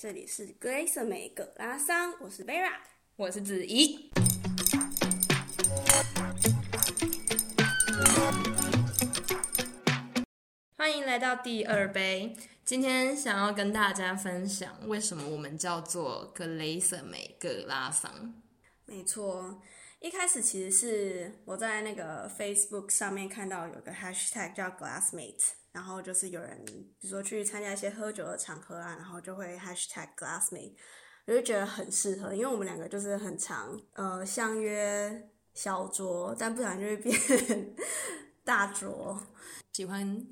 這裡是格雷瑟美格拉桑，我是 b a r a 我是子怡。歡迎來到第二杯，今天想要跟大家分享為什麼我們叫做格雷瑟美格拉桑。沒錯，一開始其實是我在那個 Facebook 上面看到有個 Hashtag 叫 Glassmate。然後就是有人，比如說去參加一些喝酒的場合啊，然後就會 hashtag glassmate，我就覺得很適合，因為我們兩個就是很常，呃，相約小酌，但不小心就會變大酌。喜歡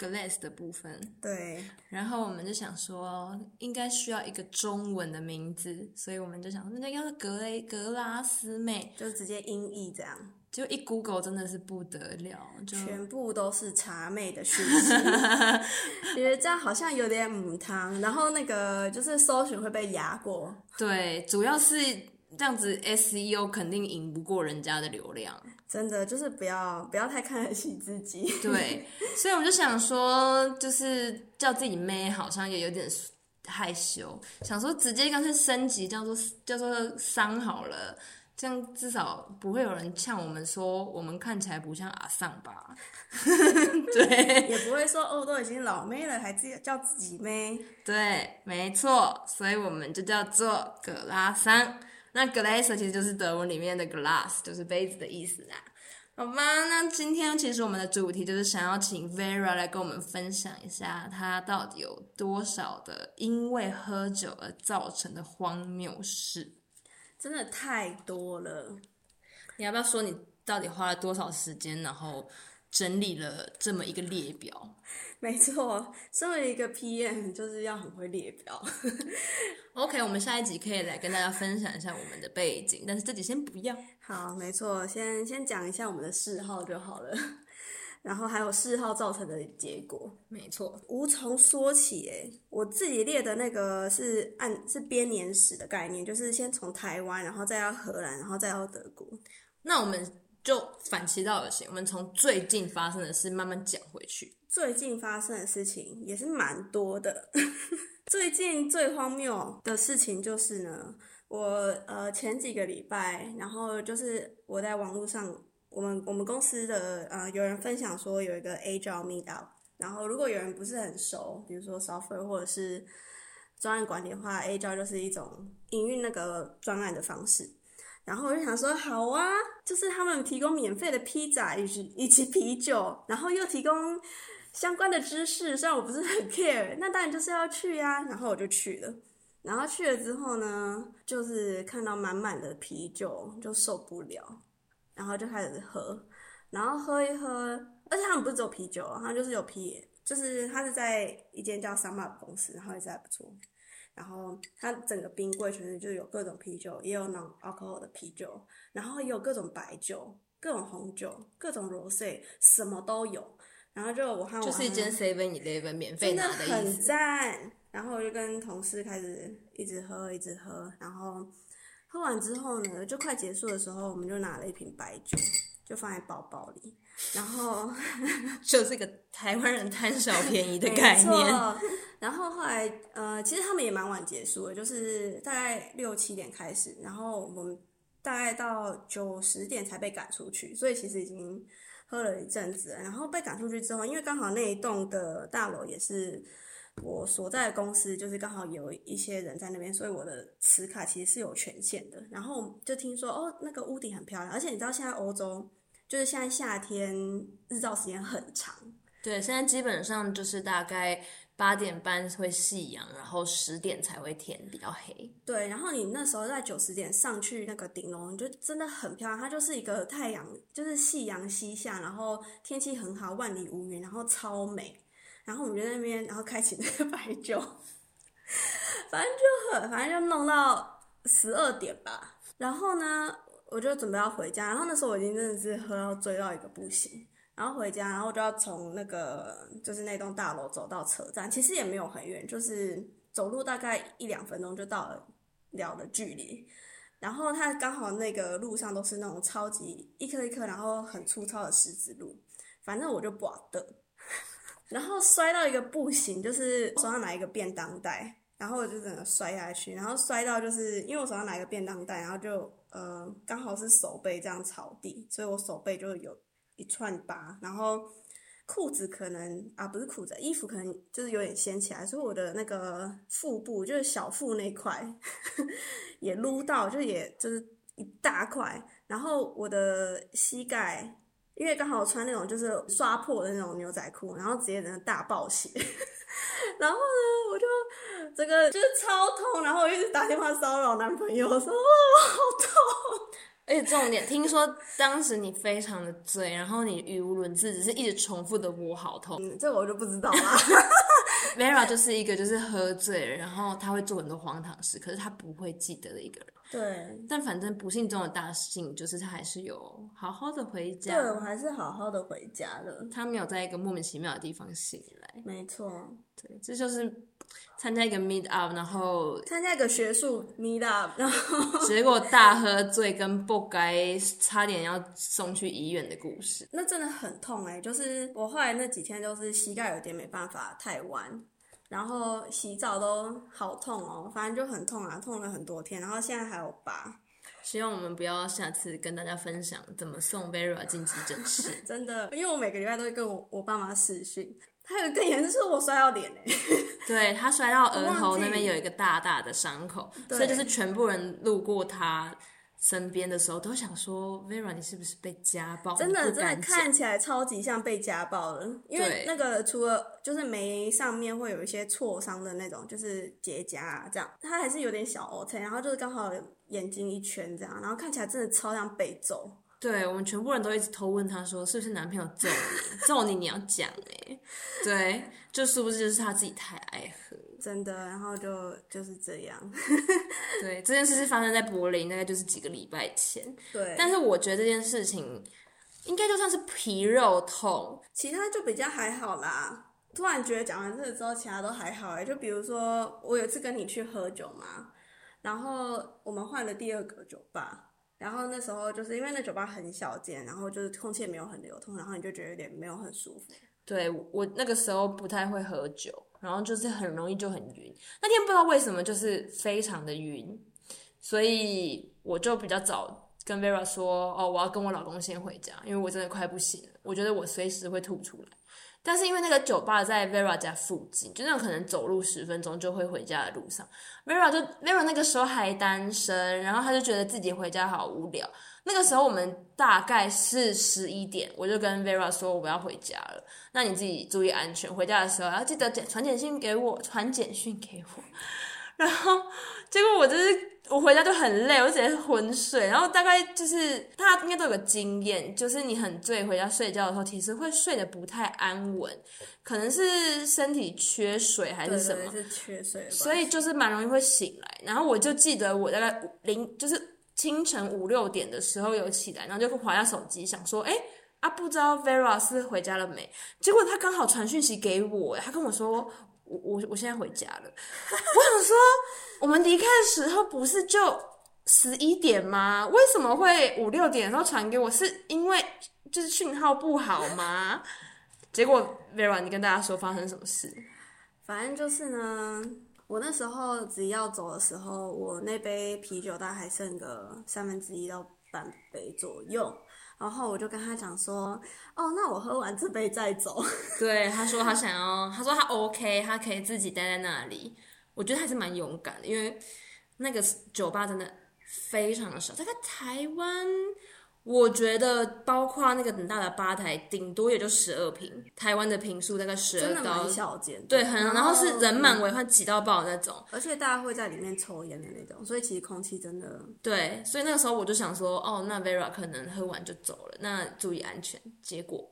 glass 的部分。對。然後我們就想說，應該需要一個中文的名字，所以我們就想，那應該是格雷格拉斯妹，就直接音譯這樣。就一 Google 真的是不得了，全部都是茶妹的訊息，因為這樣好像有點母湯。然後那個就是搜尋會被壓過，對，主要是這樣子 SEO 肯定贏不過人家的流量，真的就是不要不要太看得起自己。對，所以我就想說，就是叫自己妹好像也有點害羞，想說直接乾脆升級叫做叫做桑好了。這樣至少不會有人嗆我們說我們看起來不像阿桑吧？ 對，也不會說哦，都已經老妹了，還自己叫自己妹。對，沒錯，所以我們就叫做葛拉桑。那 Glas 其實就是德文裡面的 glass，就是杯子的意思啦。好吧，那今天其實我們的主題就是想要請 Vera 來跟我們分享一下，她到底有多少的因為喝酒而造成的荒謬事。真的太多了，你要不要說你到底花了多少時間，然後整理了這麼一個列表？沒錯，身為一個 PM 就是要很會列表。 OK，我們下一集可以來跟大家分享一下我們的背景，但是這集先不要。好，沒錯，先先講一下我們的嗜好就好了。然後還有四號造成的結果，沒錯，無從說起誒，我自己列的那個是按是編年史的概念，就是先從台灣，然後再到荷蘭，然後再到德國。那我們就反其道而行，我們從最近發生的事慢慢講回去。最近發生的事情也是蠻多的。 最近最荒謬的事情就是呢，我呃前幾個禮拜，然後就是我在網絡上。我們我們公司的呃，有人分享說有一個 a g i e m e e u p，然後如果有人不是很熟，比如說 Software 或者是專案管理的話，a g e 就是一種營運那個專案的方式。然後我就想說，好啊，就是他們提供免費的披薩以及以及啤酒，然後又提供相關的知識，雖然我不是很 care，那當然就是要去呀、啊。然後我就去了，然後去了之後呢，就是看到滿滿的啤酒就受不了。然後就開始喝，然後喝一喝，而且他們不是只有啤酒啊，他們就是有啤，就是他是在一間叫 Suma 的公司，然後也做得不錯。然後他整個冰櫃全是就是有各種啤酒，也有 non-alcohol 的啤酒，然後也有各種白酒、各種紅酒、各種 rose，什麼都有。然後就我看我和就是一間 Seven Eleven 免費的，真的很讚。然後我就跟同事開始一直喝，一直喝，然後。喝完之後呢，就快結束的時候，我們就拿了一瓶白酒，就放在包包裡，然後 就是個台灣人貪小便宜的概念。沒錯，然後後來呃，其實他們也蠻晚結束的，就是大概六七點開始，然後我們大概到九十點才被趕出去，所以其實已經喝了一陣子了。然後被趕出去之後，因為剛好那一棟的大樓也是。我所在的公司就是剛好有一些人在那邊，所以我的磁卡其實是有權限的。然後就聽說哦，那個屋頂很漂亮，而且你知道現在歐洲就是現在夏天日照時間很長。對，現在基本上就是大概八點半會夕陽，然後十點才會天比較黑。對，然後你那時候在九十點上去那個頂樓，你就真的很漂亮。它就是一個太陽，就是夕陽西下，然後天氣很好，萬里無雲，然後超美。然後我們就那邊，然後開啟那個白酒，反正就很，反正就弄到十二點吧。然後呢，我就準備要回家。然後那時候我已經真的是喝到醉到一個不行。然後回家，然後我就要從那個就是那棟大樓走到車站，其實也沒有很遠，就是走路大概一兩分鐘就到了，聊的距離。然後他剛好那個路上都是那種超級一顆一顆，然後很粗糙的石子路，反正我就不好走。然後摔到一個不行，就是手上拿一個便當袋，然後我就整個摔下去，然後摔到就是因為我手上拿一個便當袋，然後就呃，剛好是手背這樣朝地，所以我手背就有一串疤，然後褲子可能，啊不是褲子，衣服可能就是有點掀起來，所以我的那個腹部就是小腹那塊呵呵也擼到，就也就是一大塊，然後我的膝蓋。因為剛好我穿那種就是刷破的那種牛仔褲，然後直接整個大爆血， 然後呢，我就這個就是超痛，然後我一直打電話騷擾男朋友，我說我、哦、好痛。而且重點，聽說當時你非常的醉，然後你語無倫次，只是一直重複的我好痛。嗯、這個、我就不知道了。 Vera 就是一個就是喝醉，然後他會做很多荒唐事，可是他不會記得的一個人。對，但反正不幸中的大幸就是他還是有好好的回家。對，我還是好好的回家了。他沒有在一個莫名其妙的地方醒來。沒錯，對，這就是。參加一個 meet up，然後參加一個學術 meet up，然後 結果大喝醉跟不該，差點要送去醫院的故事，那真的很痛哎、欸！就是我後來那幾天都是膝蓋有點沒辦法太彎，然後洗澡都好痛哦、喔，反正就很痛啊，痛了很多天。然後現在還有疤，希望我們不要下次跟大家分享怎麼送 Vera 進急診室， 真的，因為我每個禮拜都會跟我我爸媽視訊。還有一個嚴重是我摔到臉誒， 對，他摔到額頭那邊有一個大大的傷口，所以就是全部人路過他身邊的時候都想說 ，Vera 你是不是被家暴？真的真的看起來超級像被家暴了，因為那個除了就是眉上面會有一些挫傷的那種，就是結痂、啊、這樣，他還是有點小凹陷，然後就是剛好眼睛一圈這樣，然後看起來真的超像被揍。對，我們全部人都一直偷問他說是不是男朋友揍你，揍 你你要講哎、欸，對，就是不是就是他自己太愛喝，真的，然後就就是這樣。 對，這件事是發生在柏林，大概就是幾個禮拜前。對，但是我覺得這件事情應該就算是皮肉痛，其他就比較還好啦。突然覺得講完這之後，其他都還好哎、欸，就比如說我有一次跟你去喝酒嘛，然後我們換了第二個酒吧。然後那時候就是因為那酒吧很小間，然後就是空氣也沒有很流通，然後你就覺得有點沒有很舒服。對，我那個時候不太會喝酒，然後就是很容易就很暈。那天不知道為什麼就是非常的暈，所以我就比較早跟 Vera 說：“哦，我要跟我老公先回家，因為我真的快不行了，我覺得我隨時會吐出來。”但是因為那個酒吧在 Vera 家附近，就那種可能走路十分鐘就會回家的路上，Vera 就 Vera 那個時候還單身，然後他就覺得自己回家好無聊。那個時候我們大概是十一點，我就跟 Vera 說我要回家了，那你自己注意安全，回家的時候要記得傳簡訊給我，傳簡訊給我。然後，結果我就是我回家就很累，我直接昏睡。然後大概就是大家應該都有個經驗，就是你很醉回家睡覺的時候，其實會睡得不太安穩，可能是身體缺水還是什麼，對對對，是缺水。所以就是蠻容易會醒來。嗯，然後我就記得我大概五零就是清晨五六點的時候有起來，然後就滑下手機想說，哎啊不知道 Vera 是回家了沒，結果他剛好傳訊息給我，他跟我說。我我我現在回家了， 我想說，我們離開的時候不是就十一點嗎？為什麼會五六點然後傳給我是？是因為就是訊號不好嗎？ 結果 Vera，你跟大家說發生什麼事？反正就是呢，我那時候只要走的時候，我那杯啤酒大概還剩個三分之一到半杯左右。然後我就跟他講說：“哦，那我喝完這杯再走。”對，他說他想要，他說他 OK，他可以自己待在那裡。我覺得還是蠻勇敢的，因為那個酒吧真的非常的小。他在台灣。我覺得包括那個很大的吧台，頂多也就十二坪，台灣的坪數大概十二高，小間對很然，然後是人滿為患，擠到爆那種，而且大家會在裡面抽煙的那種，所以其實空氣真的對。所以那個時候我就想說，哦，那 Vera 可能喝完就走了，那注意安全。結果，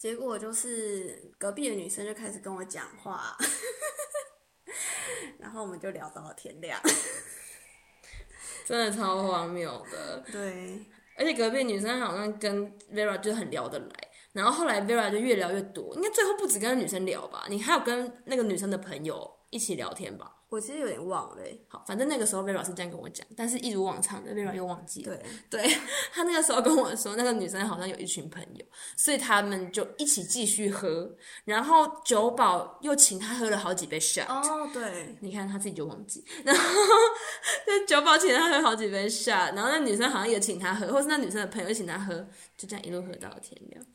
結果就是隔壁的女生就開始跟我講話， 然後我們就聊到了天亮， 真的超荒謬的，對。對而且隔壁女生好像跟 Vera 就很聊得來，然後後來 Vera 就越聊越多，應該最後不止跟女生聊吧，你還有跟那個女生的朋友一起聊天吧。我其實有點忘了，好，反正那個時候 Vera 是這樣跟我講，但是一如往常的，Vera、嗯、又忘記了。對，對，他那個時候跟我說，那個女生好像有一群朋友，所以他們就一起繼續喝，然後酒保又請他喝了好幾杯 shot。哦，對，你看他自己就忘記，然後 那酒保請他喝好幾杯 shot，然後那女生好像也請他喝，或是那女生的朋友請他喝，就這樣一路喝到天亮。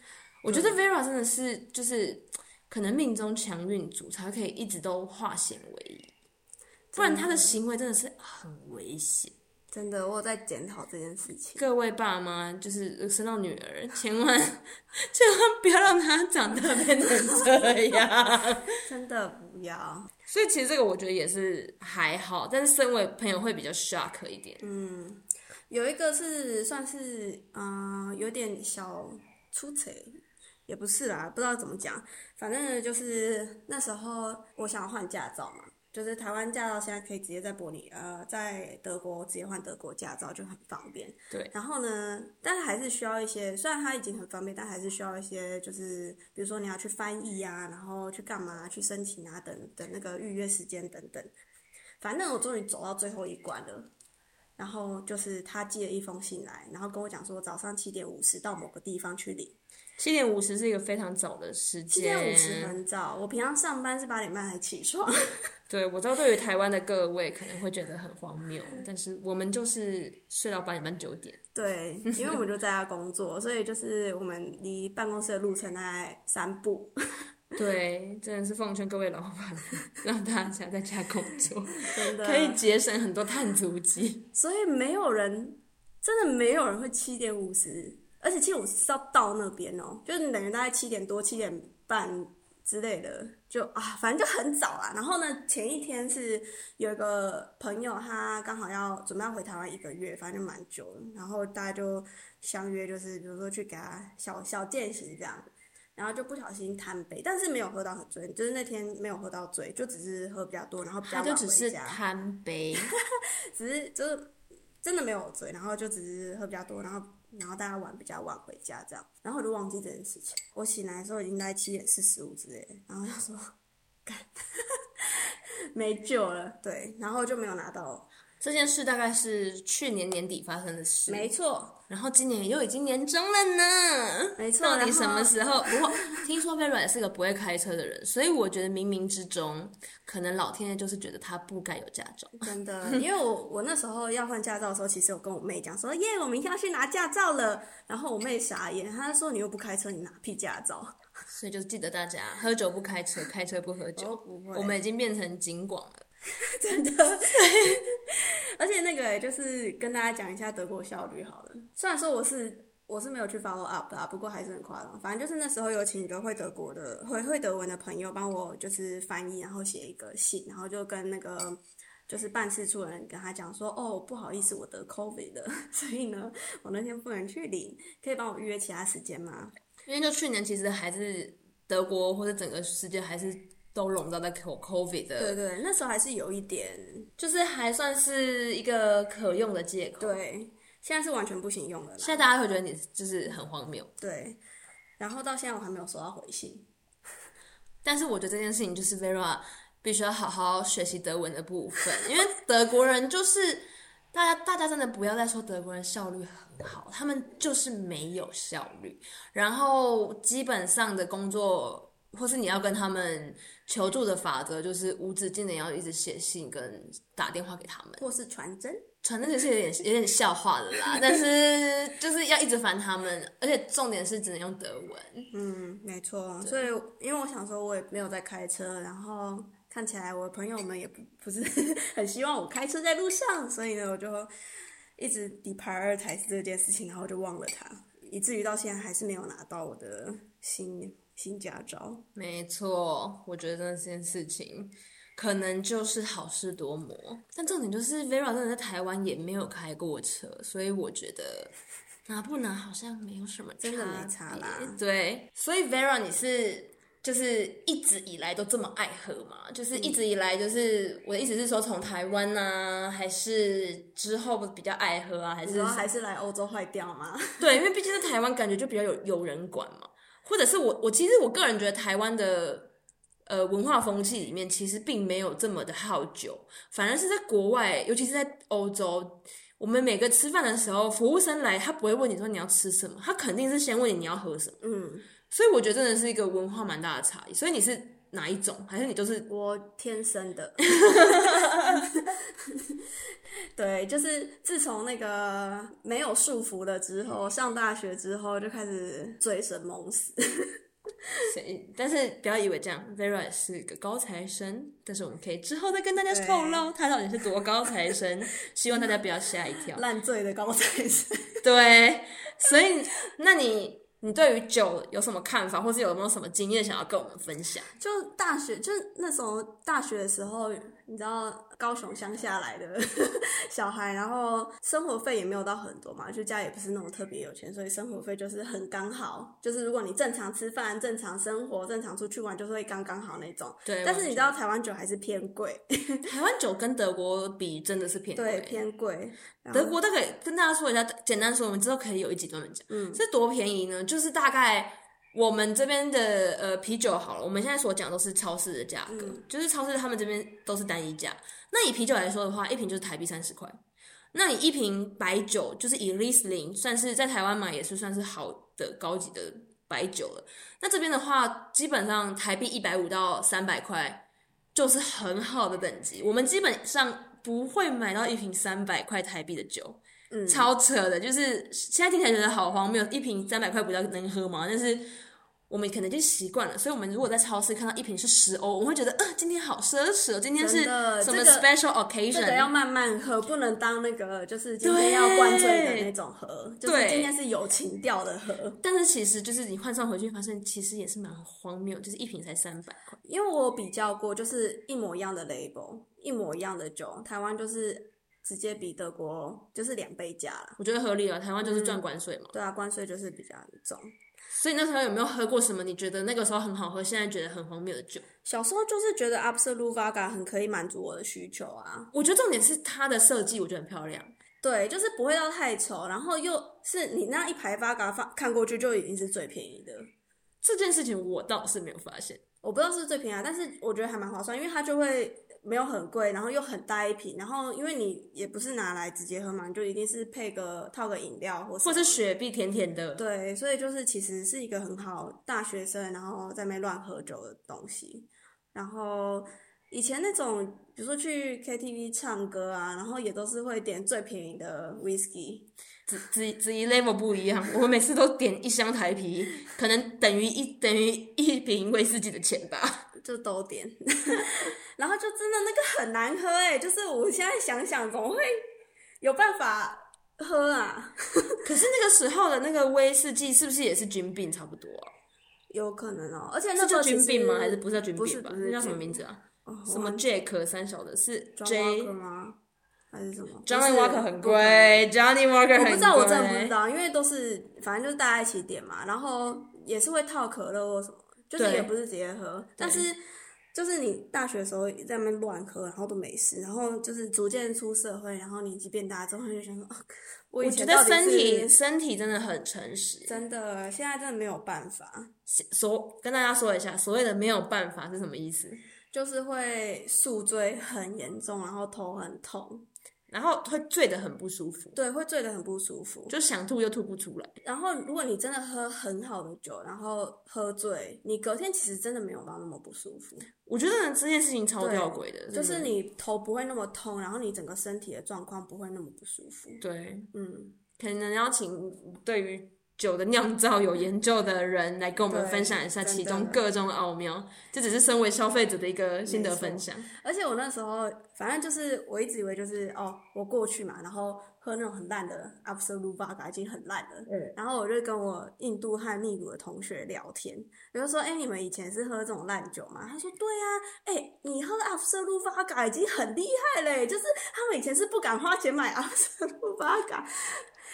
我覺得 Vera 真的是就是可能命中強運組才可以一直都化險為夷。不然他的行為真的是很危險，真的我有在檢討這件事情。各位爸媽，就是生到女兒，千萬 千萬不要讓他長大變成這樣， 真的不要。所以其實這個我覺得也是還好，但是身為朋友會比較 shock 一點。嗯，有一個是算是嗯、呃、有點小出糗，也不是啦，不知道怎麼講，反正就是那時候我想要換駕照嘛。就是台灣駕照現在可以直接在柏林呃，在德國直接換德國駕照就很方便。對，然後呢，但還是需要一些，雖然它已經很方便，但還是需要一些，就是比如說你要去翻譯啊，然後去幹嘛、去申請啊等等那個預約時間等等。反正我終於走到最後一關了，然後就是他寄了一封信來，然後跟我講說我早上七點五十到某個地方去領。七點五十是一個非常早的時間，七點五十很早。我平常上班是八點半才起床。 對，我知道，對於台灣的各位可能會覺得很荒謬，但是我們就是睡到八點半九點。對，因為我們就在家工作， 所以就是我們離辦公室的路程大概三步。對，真的是奉勸各位老闆，讓大家在家工作， 可以節省很多碳足跡。所以沒有人，真的沒有人會七點五十。而且其實我是要到那邊哦、喔，就是等於大概七點多、七點半之類的，就啊，反正就很早啊。然後呢，前一天是有一個朋友，他剛好要準備要回台灣一個月，反正就蠻久的。然後大家就相約，就是比如說去給他小小餞行這樣。然後就不小心貪杯，但是沒有喝到很醉，就是那天沒有喝到醉，就只是喝比較多，然後比較晚回家就只是貪杯， 只是就是。真的沒有醉，然後就只是喝比較多，然後然後大家玩比較晚回家這樣，然後我就忘記這件事情。我醒來的時候已經在七點四十五之類的，然後他說，幹， 沒救了，對，然後就沒有拿到。這件事大概是去年年底發生的事，沒錯。然後今年又已經年終了呢，沒錯。到底什麼時候？不過 聽說 Vera 是個不會開車的人，所以我覺得冥冥之中，可能老天爺就是覺得他不該有駕照。真的，因為我 我那時候要換駕照的時候，其實有跟我妹講說，耶，我明天要去拿駕照了。然後我妹傻眼，她說：“你又不開車，你拿屁駕照？” 所以就是記得大家喝酒不開車，開車不喝酒。我，我們已經變成警廣了， 真的。 而且那個也就是跟大家講一下德國效率好了。雖然說我是我是沒有去 follow up 的啊，不過還是很誇張。反正就是那時候有請一個會德國的會會德文的朋友幫我就是翻譯，然後寫一個信，然後就跟那個就是辦事處的人跟他講說，哦，不好意思，我得 COVID 了，所以呢，我那天不能去領，可以幫我預約其他時間嗎？因為就去年其實還是德國或者整個世界還是。都籠罩在 co covid 的，對對。那時候還是有一點，就是還算是一個可用的借口。對，現在是完全不行用了。現在大家會覺得你就是很荒謬。對，然後到現在我還沒有收到回信。但是我覺得這件事情就是 Vera 必須要好好學習德文的部分， 因為德國人就是大家，大家真的不要再說德國人效率很好，他們就是沒有效率。然後基本上的工作，或是你要跟他們。求助的法則就是無止境的要一直寫信跟打電話給他們，或是傳真。傳真就是有點有點笑話的啦， 但是就是要一直煩他們，而且重點是只能用德文。嗯，沒錯。所以，因為我想說，我也沒有在開車，然後看起來我的朋友們也不不是很希望我開車在路上，所以呢，我就一直 depart 才是這件事情，然後就忘了它，以至於到現在還是沒有拿到我的信。新駕照，沒錯，我覺得這件事情可能就是好事多磨。但重點就是 Vera 真的在台灣也沒有開過車，所以我覺得拿不拿好像沒有什麼差，真的沒差啦、欸。對，所以 Vera 你是就是一直以來都這麼愛喝嗎？就是一直以來就是、嗯、我的意思是說，從台灣啊，還是之後比較愛喝啊？還是還是來歐洲壞掉嗎？對，因為畢竟在台灣，感覺就比較有有人管嘛。或者是我，我其實我個人覺得台灣的呃文化風氣裡面，其實並沒有這麼的好酒，反而是在國外，尤其是在歐洲，我們每個吃飯的時候，服務生來，他不會問你說你要吃什麼，他肯定是先問你你要喝什麼。嗯，所以我覺得真的是一個文化蠻大的差異。所以你是哪一種？還是你都、就是我天生的？ 對，就是自從那個沒有束縛了之後，上大學之後就開始醉生夢死。所以但是不要以為這樣，Vera 是一個高材生。但是我們可以之後再跟大家透露他到底是多高材生， 希望大家不要嚇一跳。爛醉的高材生。對，所以那你你對於酒有什麼看法，或是有沒有什麼經驗想要跟我們分享？就大學，就那時候大學的時候。你知道高雄鄉下來的小孩，然後生活費也沒有到很多嘛，就家也不是那種特別有錢，所以生活費就是很剛好，就是如果你正常吃飯、正常生活、正常出去玩，就是會剛剛好那種。對。但是你知道台灣酒還是偏貴，台灣酒跟德國比真的是偏貴。對，偏貴。德國，都可以跟大家說一下，簡單說，我們之後可以有一集專門講。嗯。這多便宜呢？嗯、就是大概。我們這邊的呃啤酒好了，我們現在所講都是超市的價格、嗯，就是超市他們這邊都是單一價。那以啤酒來說的話，一瓶就是台幣三十塊。那你一瓶白酒，就是以 Riesling 算是在台灣買也是算是好的高級的白酒了。那這邊的話，基本上台幣一百五到三百塊就是很好的等級。我們基本上不會買到一瓶三百塊台幣的酒、嗯，超扯的，就是現在聽起來覺得好荒謬，一瓶三百塊不到能喝嗎？但是。我們可能就習慣了，所以我們如果在超市看到一瓶是十歐，我們會覺得，呃，今天好奢侈哦，今天是什麼 special occasion？真的，這個這個，要慢慢喝，不能當那個就是今天要灌醉的那種喝，就是今天是有情調的喝。但是其實就是你換算回去，發現其實也是蠻荒謬，就是一瓶才三百塊。因為我比較過，就是一模一樣的 label，一模一樣的酒，台灣就是直接比德國就是兩倍價了，我覺得合理了、啊，台灣就是賺關稅嘛、嗯。對啊，關稅就是比較重。所以那時候有沒有喝過什麼？你覺得那個時候很好喝，現在覺得很荒謬的酒？小時候就是覺得 Absolut Vodka 很可以滿足我的需求啊。我覺得重點是它的設計，我覺得很漂亮。對，就是不會到太醜，然後又是你那一排 Vodka 看過去就已經是最便宜的。這件事情我倒是沒有發現，我不知道是不是最便宜啊，但是我覺得還蠻划算，因為它就會。沒有很貴，然後又很大一瓶，然後因為你也不是拿來直接喝嘛，你就一定是配個套個飲料或，或是雪碧甜甜的。對，所以就是其實是一個很好大學生然後在那亂喝酒的東西。然後以前那種比如說去 KTV 唱歌啊，然後也都是會點最便宜的 whisky。只只只一 level 不一樣， 我每次都點一箱台啤，可能等於一等於一瓶威士忌的錢吧。就都點， 然後就真的那個很難喝誒、欸、就是我現在想想怎麼會有辦法喝啊？ 可是那個時候的那個威士忌是不是也是 Jim Beam 差不多、啊？有可能哦，而且那時叫 Jim Beam 嗎？還是不是叫 Jim Beam 吧？不是，不是，不叫什麼名字啊、哦？什麼 Jack 三小的是 Jack 嗎？還是什麼？Johnny Walker 很貴，Johnny Walker 很貴。我不知道，我真的不知道，因為都是反正就是大家一起點嘛，然後也是會套可樂或什麼。就是也不是直接喝，但是就是你大學的時候在那邊亂喝，然後都沒事，然後就是逐漸出社會，然後年紀變大之後就想說，我覺得身體身體真的很誠實，真的，現在真的沒有辦法。所跟大家說一下，所謂的沒有辦法是什麼意思？就是會宿醉很嚴重，然後頭很痛。然後會醉得很不舒服，對，會醉得很不舒服，就想吐又吐不出來。然後如果你真的喝很好的酒，然後喝醉，你隔天其實真的沒有到那麼不舒服。我覺得這件事情超吊詭的，的就是你頭不會那麼痛，然後你整個身體的狀況不會那麼不舒服。對，嗯，可能要請對於。酒的釀造有研究的人來跟我們分享一下其中各種奧妙的的，這只是身為消費者的一個心得分享。而且我那時候反正就是我一直以為就是哦，我過去嘛，然後喝那種很爛的 Absolut Vodka 已經很爛了。嗯，然後我就跟我印度和秘魯的同學聊天，比如說：“哎、欸，你們以前是喝這種爛酒嗎？”他說：“對啊，哎、欸，你喝 Absolut Vodka 已經很厲害嘞、欸。」就是他們以前是不敢花錢買 Absolut Vodka。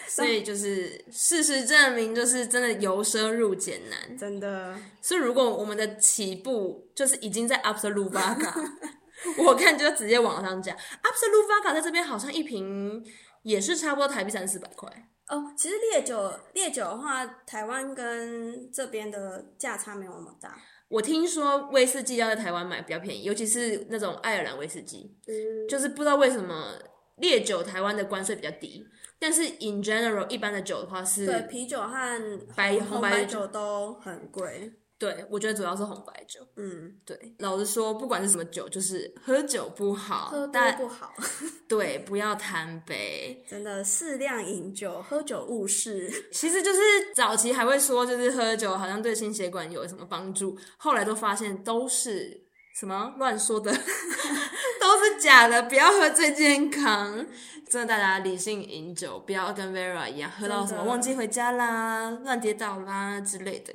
So. 所以就是事實證明，就是真的由奢入儉難，真的。所以是如果我們的起步就是已經在 Absolut vodka 我看就直接往上講 Absolut vodka 在這邊好像一瓶也是差不多台幣三四百塊。哦、oh，其實烈酒烈酒的話，台灣跟這邊的價差沒有那麼大。我聽說威士忌要在台灣買比較便宜，尤其是那種愛爾蘭威士忌，mm. 就是不知道為什麼烈酒台灣的關稅比較低。但是 in general 一般的酒的話是對啤酒和紅白紅白酒都很貴。對，我覺得主要是紅白酒。嗯，對。老實說，不管是什麼酒，就是喝酒不好。喝多不好。 對，不要貪杯。真的，適量飲酒，喝酒誤事。 其實就是早期還會說，就是喝酒好像對心血管有什麼幫助，後來都發現都是什麼亂說的。 真的假的，不要喝最健康。真的，大家理性飲酒，不要跟 Vera 一樣喝到什麼忘記回家啦、亂跌倒啦之類的。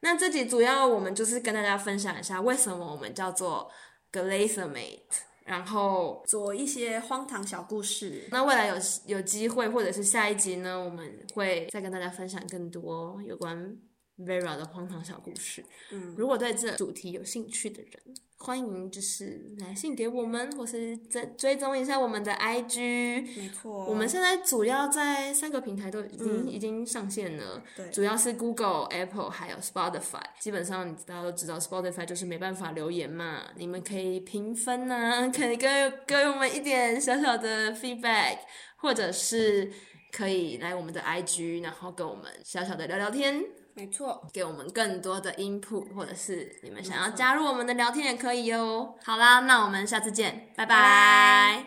那這集主要我們就是跟大家分享一下，為什麼我們叫做 Gläsermate，然後做一些荒唐小故事。那未來有有機會或者是下一集呢，我們會再跟大家分享更多有關。Vera 的荒唐小故事。嗯，如果對這主題有興趣的人，歡迎就是來信給我們，或是追蹤一下我們的 IG。沒錯、啊，我們現在主要在三個平台都已經、嗯、已經上線了。對，主要是 Google、Apple 還有 Spotify。基本上大家都知道 Spotify 就是沒辦法留言嘛，你們可以評分啊，可以給給我們一點小小的 feedback，或者是可以來我們的 IG，然後跟我們小小的聊聊天。沒錯，給我們更多的 input，或者是你們想要加入我們的聊天也可以喲。好啦，那我們下次見，拜拜。拜拜